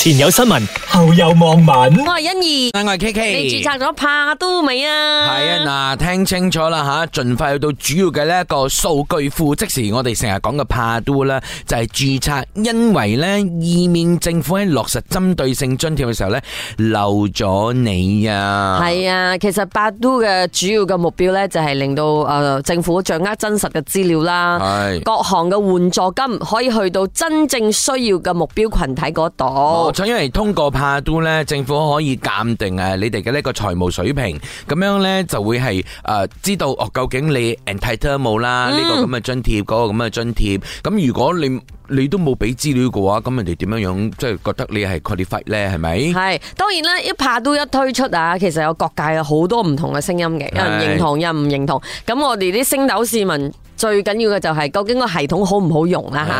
前有新聞，後有網民。我係欣怡，我係是 K K。你註冊咗帕都未啊？係啊，嗱，聽清楚啦吓，盡快去到主要嘅呢一個數據庫，即時我哋成日講嘅帕都啦，就係註冊，因為呢，以免政府喺落實針對性津貼嘅時候呢，漏咗你啊。係啊，其實帕都嘅主要嘅目標呢，就係令到誒政府掌握真實嘅資料啦。是各行嘅援助金可以去到真正需要嘅目標群體嗰度。我想因為通過派都咧，政府可以鑒定誒你哋嘅呢個財務水平，咁樣咧就會係誒知道哦究竟你 entitle 冇啦呢個咁嘅津貼，嗰個咁嘅津貼。咁如果你你都冇俾資料嘅話，咁人哋點樣樣即係覺得你係 qualify 咧？係咪？係當然啦，一派都一推出啊，其實有各界有好多唔同嘅聲音嘅，有人認同，有人唔認同。咁我哋啲升斗市民。最緊要嘅就係究竟個系統好唔好用啦，吓，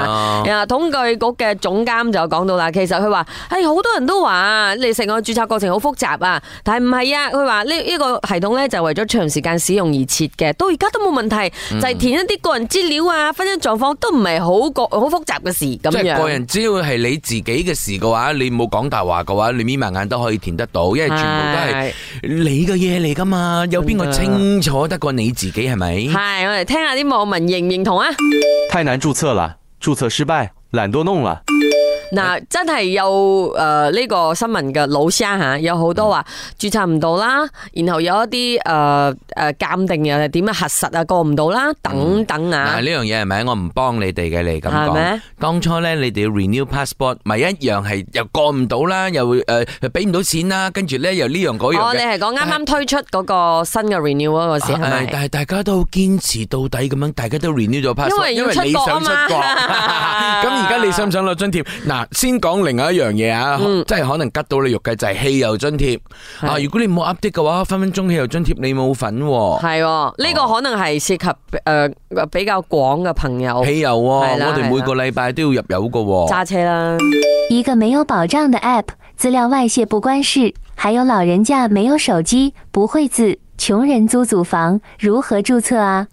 啊，統計局嘅總監就講到啦，其實佢話，誒好多人都話，你成個注冊過程好複雜啊，但係唔係啊，佢話呢呢個系統咧就為咗長時間使用而設嘅，到而家都冇問題，就係填一啲個人資料啊，婚姻狀況都唔係好國好複雜嘅事咁樣。即係個人只要係你自己嘅事嘅話，你冇講大話嘅話，你眯埋眼都可以填得到，因為全部都係你嘅嘢嚟噶嘛，有邊個清楚得過你自己係咪？係，我哋聽下啲網們認不認同啊，太難註冊了，註冊失敗，懶惰弄了。嗱，真係有誒呢個新聞嘅老師嚇，有好多話註冊唔到啦，然後有一啲誒誒鑑定又係點樣核實啊過唔到啦，等等啊！嗱，呢樣嘢係咪我唔幫你哋嘅？你咁講，當初咧你哋 renew passport 咪一樣係又過唔到啦，又誒俾唔到錢啦，跟住咧又呢樣嗰樣。我哋係講啱啱推出嗰個新嘅 renew 嗰個時候係咪？但係大家都堅持到底咁樣，大家都 renew 咗 passport，因為你想出國。咁而家你想唔想攞津貼嗱？啊、先講另外一樣嘢啊，嗯、即係可能吉到你肉嘅就係、是、汽油津貼。的啊，如果你冇 update 嘅話，分分鐘汽油津貼你冇份、啊。係，呢、這個可能係涉及誒、呃、比較廣嘅朋友。汽油、啊，的我哋每個禮拜都要入油嘅、啊。揸車啦，一個沒有保障嘅 app，資料外泄不關事，還有老人家沒有手機，不會字。窮人租租房如何註冊啊？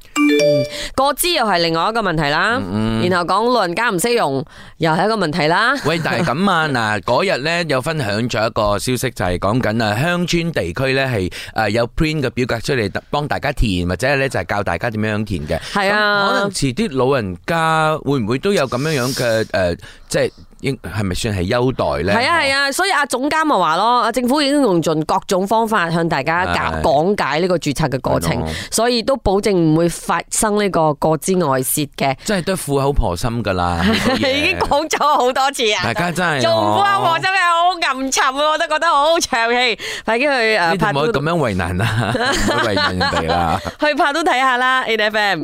個、嗯、資又係另外一個問題啦。嗯嗯，然後講老人家唔識用，又係一個問題啦。 喂，但係咁啊，嗱，嗰日咧有分享咗一個消息，就係講緊啊，鄉村地區咧係誒有 print 嘅表格出嚟幫大家填，或者係咧就係教大家點樣樣填嘅。係啊，可能遲啲老人家會唔會都有咁樣樣嘅誒，即、呃、係。就是應係咪算係優待咧？係啊係啊，所以阿總監咪話咯，政府已經用盡各種方法向大家講解講解呢個註冊嘅過程，的所以都保證唔會發生呢個個資外洩嘅。真係都富苦口婆心㗎啦， 已經講咗好多次啊！大家真係做阿婆真係好吟沉，我都覺得好長氣，快啲去誒！唔好咁樣為難啦，唔好為難人哋啦，去 PADU 睇下啦！N F M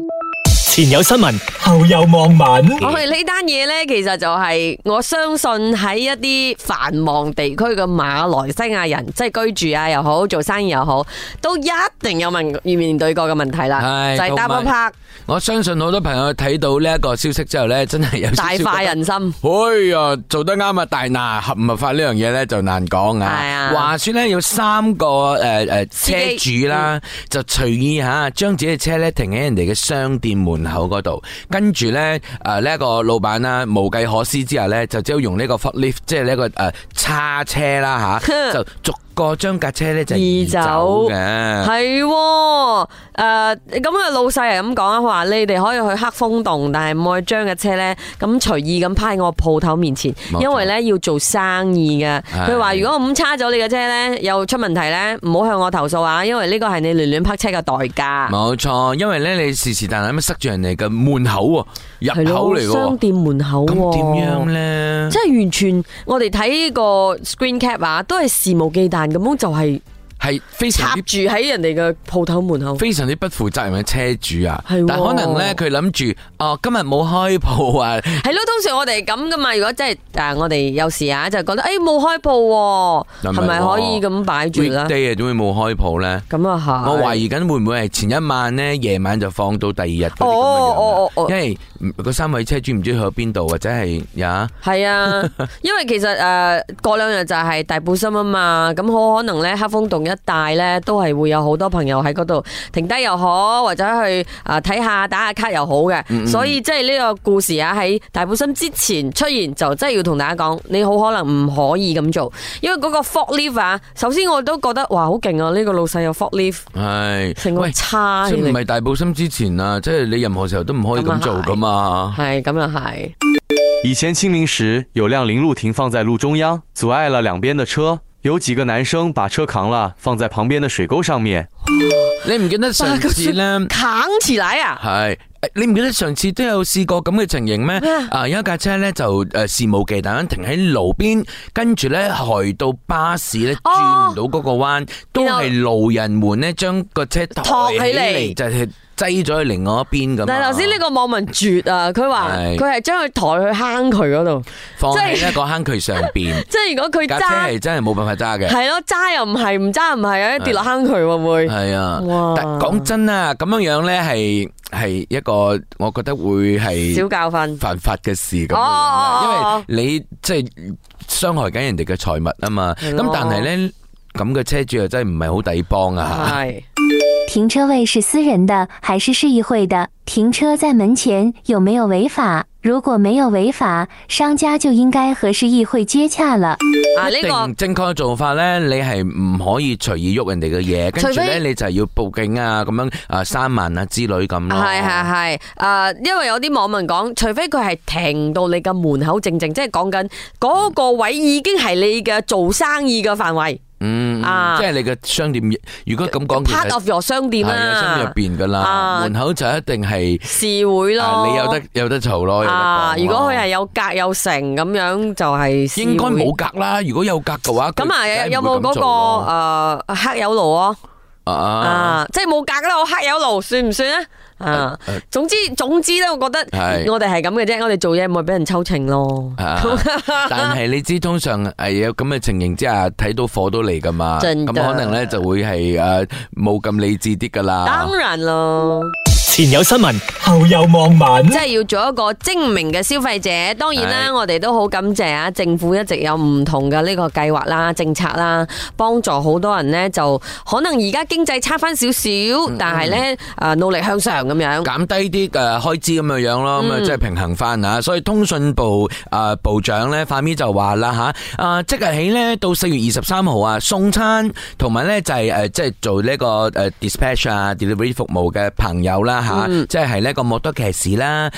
前有新聞，後有網民。我哋呢單嘢呢，其實就係我相信喺一啲繁忙地區嘅馬來西亞人，即係居住啊又好，做生意又好，都一定有問要面對過嘅問題啦。係是。就係 double 有 park。我相信好多朋友睇到呢一個消息之後呢，真係有少少大快人心。哎呀，做得啱啊！但嗱合唔合法呢樣嘢呢，就難講啊。係啊。話說呢，有三個誒誒、呃、車主啦，嗯、就隨意吓將自己嘅車停喺人哋嘅商店門口度，跟住咧，誒呢一個老闆啦，無計可施之下咧，就只好用呢個 forklift，即係呢、這個誒、呃、叉車啦嚇、啊，就捉。個張架車咧就是移走嘅移走、哦，係誒咁啊！老細係咁講啊，佢話你哋可以去黑風洞，但係唔可以將架車咧咁隨意咁趴喺我鋪頭面前，因為咧要做生意嘅。沒錯 他」佢話如果我咁叉咗你嘅車咧，又出問題咧，唔好向我投訴啊！因為呢個係你亂亂泊車嘅代價。冇錯，因為咧你時時但係咁塞住人哋嘅門口喎，入口嚟，商店門口咁點樣咧？即係完全我哋睇呢個 screen cap 啊，都係肆無忌憚。咁樣就係係非常之住喺人哋嘅鋪頭門口，非常之不負責任嘅車主啊！係，但可能咧佢諗住哦，今日冇開鋪啊！係咯，當時我哋係咁噶嘛。如果真係，但係我哋有時啊，就覺得誒冇開鋪，係咪可以咁擺住啦？跌低啊，點會冇開鋪咧？咁啊吓！我懷疑緊會唔會係前一晚咧夜晚就放到第二日嗰啲咁嘅樣。因為三位車主唔知，不知去咗邊度，或者係呀？係啊， 因為其實誒、呃，過兩日就係大寶森啊嘛，咁好可能咧，黑風洞一帶咧都係會有好多朋友喺嗰度停低又好，或者去誒睇下打下卡又好嘅。所以即係呢個故事啊，喺大寶森之前出現，就真係要同大家講，你好可能唔可以咁做，因為嗰個 forklift 啊，首先我都覺得哇，好勁啊！呢、這個老細有 forklift，係成個是叉嚟。唔係大寶森之前啊，即、就、係、是、你任何時候都唔可以咁做噶嘛。係咁又係。啊、以前清明時，有輛零路停放在路中央，阻礙了兩邊的車。有幾個男生把車扛啦，放在旁邊的水溝上面。啊、你唔記得上次呢？扛、啊、起來啊！係，你唔記得上次都有試過咁嘅情形咩？啊，啊有一架車呢，就誒肆、呃、無忌憚咁停喺路邊，跟住呢，去到巴士呢，轉唔、啊、到嗰個彎，啊、都係路人們呢將個車抬起嚟，啊啊低咗去另外一邊咁。但係頭先呢個網民絕啊，佢話佢係將佢抬去坑渠嗰度，的放喺一個坑渠上邊。即係 如果佢揸，係真係冇辦法揸嘅。係咯，揸又唔係，唔揸唔係啊，跌落坑渠會唔會？係啊，是的哇但講真啊，咁樣樣咧係，係一個，我覺得會係小教訓、犯法嘅事咁。哦，哦，因為你即係傷害緊人哋嘅財物啊嘛。咁、嗯哦、但係咧。咁嘅車主又真係唔係好抵幫啊！係停車位是私人的還是市議會的？停車在門前有沒有違法？如果沒有違法，商家就應該和市議會接洽了。呢個正確做法呢，你係唔可以隨意喐人哋嘅嘢，跟住呢，你就係要報警啊，咁樣啊，saman 啊之類咁、啊。係係係，誒，因為有啲網民講，除非佢係停到你嘅門口正正，即係講緊嗰個位已經係你嘅做生意嘅範圍。嗯，即係你個商店，如果咁講，part of your 商店啊，商店入邊噶啦，門口就一定係市會啦。你有得有得嘈咯。啊，如果佢係有格有成咁樣，就係應該冇格啦。如果有格嘅話，咁啊，有冇嗰個誒黑有爐啊？啊，即係冇格啦，我黑有爐算唔算咧？啊，總之、啊、總之咧，我覺得我哋係咁嘅啫，是我哋做嘢唔會俾人抽秤咯。啊、 但係你知道通常係有咁嘅情形之下，睇到火都嚟噶嘛，咁的可能咧就會係誒冇咁理智啲噶啦。當然咯。前有新聞，後有網民，即係要做一個精明嘅消費者。當然啦，我哋都好感謝啊！政府一直有唔同嘅呢個計劃啦、政策啦，幫助好多人咧。就可能而家經濟差翻少少，但係咧，誒努力向上咁樣，減低啲誒開支咁樣樣咯。咁啊，即係平衡翻啊！所以通訊部誒部長咧，法米就話啦吓，啊即日起咧到四月二十三號啊，送餐同埋咧就係誒即係做呢個誒 dispatch 啊 delivery 服務嘅朋友啦。吓，即係呢個摩托騎士啦，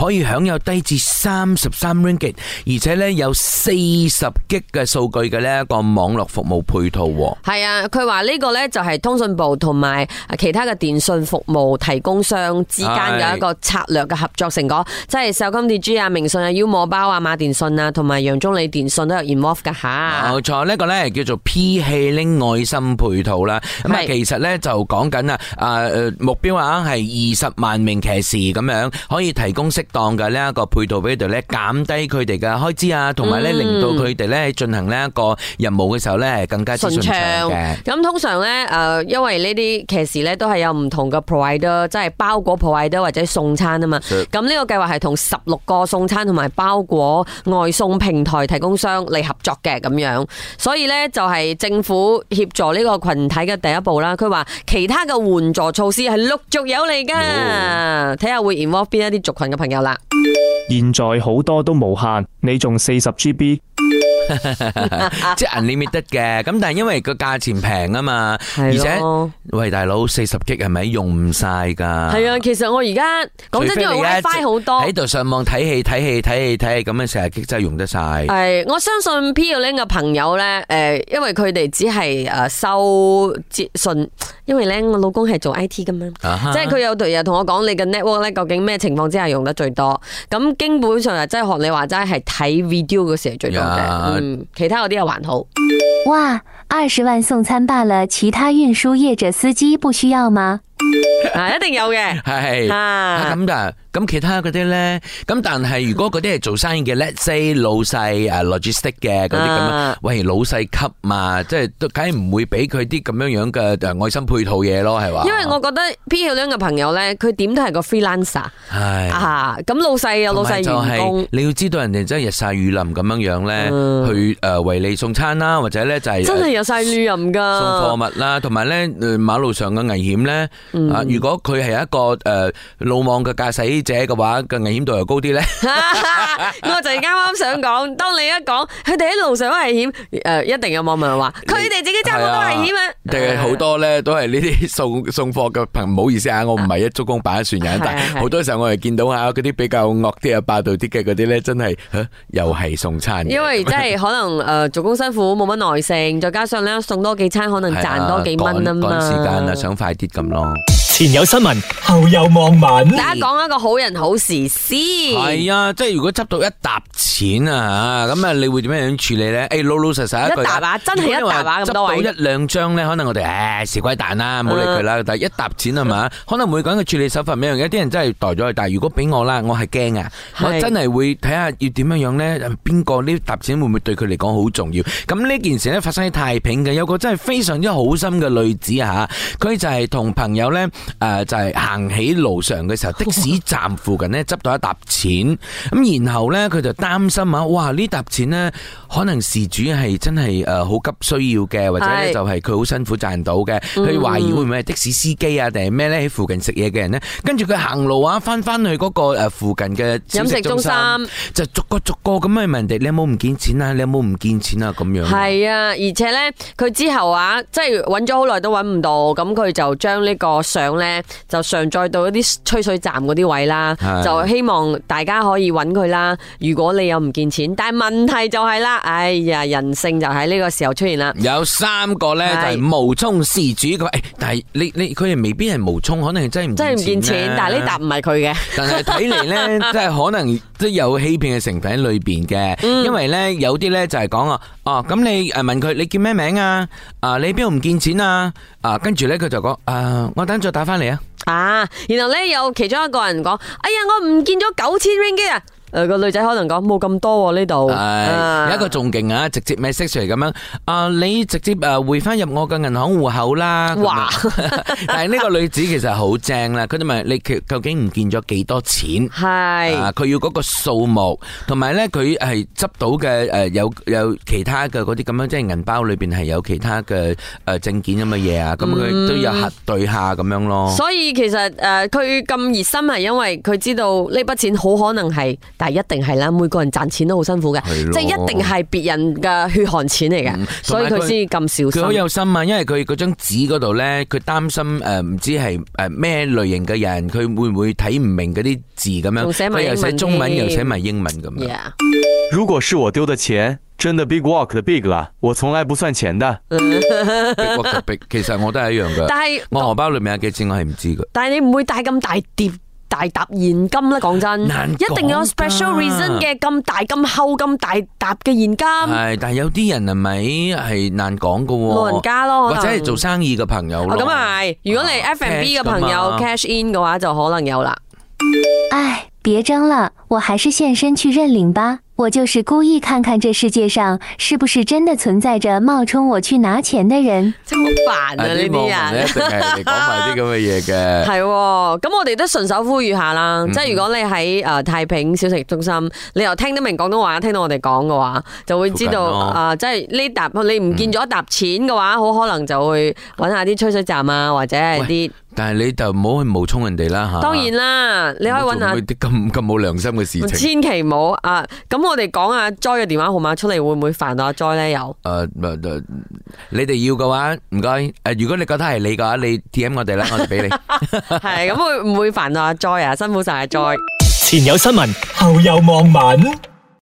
可以享有低至三十三 ringgit，而且咧有四十 G 嘅數據嘅呢一個網絡服務配套。係啊，佢話呢個咧就係通訊部同埋其他嘅電信服務提供商之間嘅一個策略嘅合作成果，即係手金電 G 啊、明信啊、U 摩包啊、馬電信啊、同埋楊中理電信都有 involve 嘅吓。冇錯，呢個咧叫做 P-hailing 愛心配套啦。咁啊，其實咧就講緊啊，誒目標啊係二十萬名騎士咁樣可以提供適當嘅呢一個配套俾佢哋咧，減低佢哋嘅開支啊，同埋咧令到佢哋咧進行呢一個任務嘅時候咧更加順暢嘅。咁、嗯、通常咧誒，因為呢啲騎士咧都係有唔同嘅 provider，即係包裹 provider 或者送餐啊嘛。咁呢個計劃係同十六個送餐同埋包裹外送平台提供商嚟合作嘅，咁樣，所以咧就係政府協助呢個群體嘅第一步啦。佢話其他嘅援助措施係陸續有嚟嘅。睇下、yeah, 會 involve 邊一啲族群嘅朋友啦。現在好多都無限，你仲四十 GB。 即係你理得嘅，咁但係因為個價錢平啊嘛，是咯 而且喂，大佬四十 G 係咪用唔晒噶？係啊，其實我而家講真因啲好快好多，喺度上網睇戲睇戲睇戲睇戲咁樣成日 G 真係用得晒。係，我相信 p u r l i n 嘅朋友咧，誒、呃，因為佢哋只係誒收資訊，因為咧我老公係做 I T 噶嘛，啊、哈 即係佢有度日同我講，你嘅 network 咧，究竟咩情況之下用得最多？咁基本上啊，真係學你話齋，係睇 video 嗰時係最多嘅。Yeah. 嗯，其他嗰啲又還好。哇，二十萬送餐罷了，其他運輸業者司機不需要嗎？ 啊，一定有嘅，係啊，咁咁其他嗰啲咧，咁但係如果嗰啲係做生意嘅 ，let's say 老細誒 logistic 嘅嗰啲咁樣，喂老細級嘛，即係都梗係唔會俾佢啲咁樣樣嘅誒愛心配套嘢咯，係話因為我覺得 P 友呢朋友咧，佢點都係個 freelancer，係唉啊，咁老細、啊、有老細員工，就你要知道人哋真係日晒雨淋咁樣樣咧，嗯、去誒、呃、為你送餐啦，或者咧就係、是、真係日晒雨淋噶送貨物啦，同埋咧馬路上嘅危險咧啊！嗯、如果佢係一個誒魯莽嘅駕駛。呃者嘅話嘅危險度又高啲咧，我就啱啱想講，當你一講佢哋喺路上危險，誒，一定有網民話佢哋自己揸好危險啊！定係好多咧，都係呢啲送送貨嘅朋，唔好意思啊，我唔係一竹篙擺一船人，但係好多時候我係見到吓嗰啲比較惡啲啊、霸道啲嘅嗰啲咧，真係吓又係送餐嘅，因為真係可能誒，做工辛苦，冇乜耐性，再加上咧送多幾餐，可能賺多幾蚊啊嘛，時間啊，想快啲咁咯。前有新聞，後有網民。大家講一個好人好事先。係啊，即係如果執到一沓錢啊，咁啊，你會點樣樣處理咧？誒、哎，老老實實一句，一沓話真係一沓把咁多位。執到一兩張咧，可能我哋誒蝕鬼蛋啦，冇、哎啊、理佢啦。啊、但係一沓錢係、啊、嘛，嗯、可能每個人嘅處理手法咩樣，有啲人真係袋咗去，但係如果俾我啦，我係驚啊，是我真係會睇下要點樣樣咧，邊個呢沓錢會唔會對佢嚟講好重要？咁呢件事咧發生喺太平嘅，有個真係非常之好心嘅女子吓，佢、啊、就係同朋友咧。誒、呃、就係、是、行起路上嘅時候，的士站附近呢執到一揼錢，咁然後呢，佢就擔心啊！哇！呢揼錢呢？可能事主係真係誒好急需要嘅，或者呢是 就係佢好辛苦賺到嘅，佢、嗯、懷疑會唔會係的士司機啊，定係咩呢？喺附近食嘢嘅人呢？跟住佢行路啊，翻翻去嗰個附近嘅飲食中心，中就逐個逐個咁去問人哋：你有冇唔見錢啊？你有冇唔見錢啊？咁樣。係啊，而且呢，佢之後啊，即係揾咗好耐都揾唔到，咁佢就將呢個相。咧就常載到一啲吹水站嗰啲位啦，就希望大家可以揾佢啦。如果你又唔見錢，但係問題就係啦，哎呀，人性就喺呢個時候出現啦。有三個咧就係冒充事主，佢誒，但係你你佢哋未必係冒充，可能係真係唔真係唔見錢，但係呢沓唔係佢嘅。但係睇嚟咧，即係可能。即係有欺騙嘅成分喺裏邊嘅，因為咧有啲咧就係講啊，哦咁、嗯啊、你誒問佢你叫咩名啊？啊你邊度唔見錢啊？啊跟住咧佢就講、啊、我等再打翻嚟啊。啊然後咧有其中一個人講，哎呀我唔見咗九千 ringgit 啊！誒，個女仔可能講冇咁多呢度，係有一個仲勁啊，直接 message 出嚟咁樣。啊，你直接誒匯翻入我嘅銀行戶口啦。哇！但係呢個女子其實好正啦，佢就問你，佢究竟唔見咗幾多錢？係佢要嗰個數目，同埋咧佢係執到嘅誒，有有其他嘅嗰啲咁樣，即係銀包裏邊係有其他嘅誒證件咁嘅嘢啊。咁佢都有核對下咁樣咯。所以其實誒，佢咁熱心係因為佢知道呢筆錢好可能係。係一定係啦，每個人賺錢都好辛苦嘅，的即係一定係別人嘅血汗錢嚟嘅，嗯、所以佢先咁小心。佢好有心啊，因為佢嗰張紙嗰度咧，佢擔心誒，唔、呃、知係誒咩類型嘅人，佢會唔會睇唔明嗰啲字咁樣？佢又寫中文，啊、又寫埋英文咁樣。啊、如果是我丟的錢，真的 big walk 的 big 啊，我從來不算錢的。 big big, 其實我都係一樣嘅，但是我荷包裏面有幾錢我係唔知嘅。但係你唔會帶咁大碟。大沓現金啦，講真，一定要有 special reason 嘅咁、啊、大咁厚咁大沓嘅現金。係，但係有啲人係咪係難講嘅、啊？老人家咯，或者係做生意嘅朋友咯。咁係、哦，如果你 F&B 嘅朋友 cash in 嘅話，就可能有啦。唉，別爭了，我還是現身去認領吧。我就是故意看看這世界上是不是真的存在着冒充我去拿錢的人，真煩啊，呢啲啊，講埋啲咁嘅嘢嘅係，咁我哋都順手呼籲下啦，嗯嗯即係如果你喺誒太平小食中心，你又聽得明廣東話，聽到我哋講嘅話，就會知道啊，呃、即係呢沓你唔見咗一沓錢嘅話，好、嗯、可能就會揾下啲吹水站啊，或者係啲。但係你就唔好去冒充人哋啦吓。當然啦，你可以搵下。唔好做啲咁咁冇良心嘅事情。千祈唔好啊！咁我哋講阿 joy 嘅電話號碼出嚟，會唔會煩到阿 joy 咧？有誒，你哋要嘅話唔該。誒，如果你覺得係你嘅話，你填我哋啦，我哋俾你。係咁會唔會煩到阿 joy 啊？辛苦晒阿 joy。前有新聞，後有網民。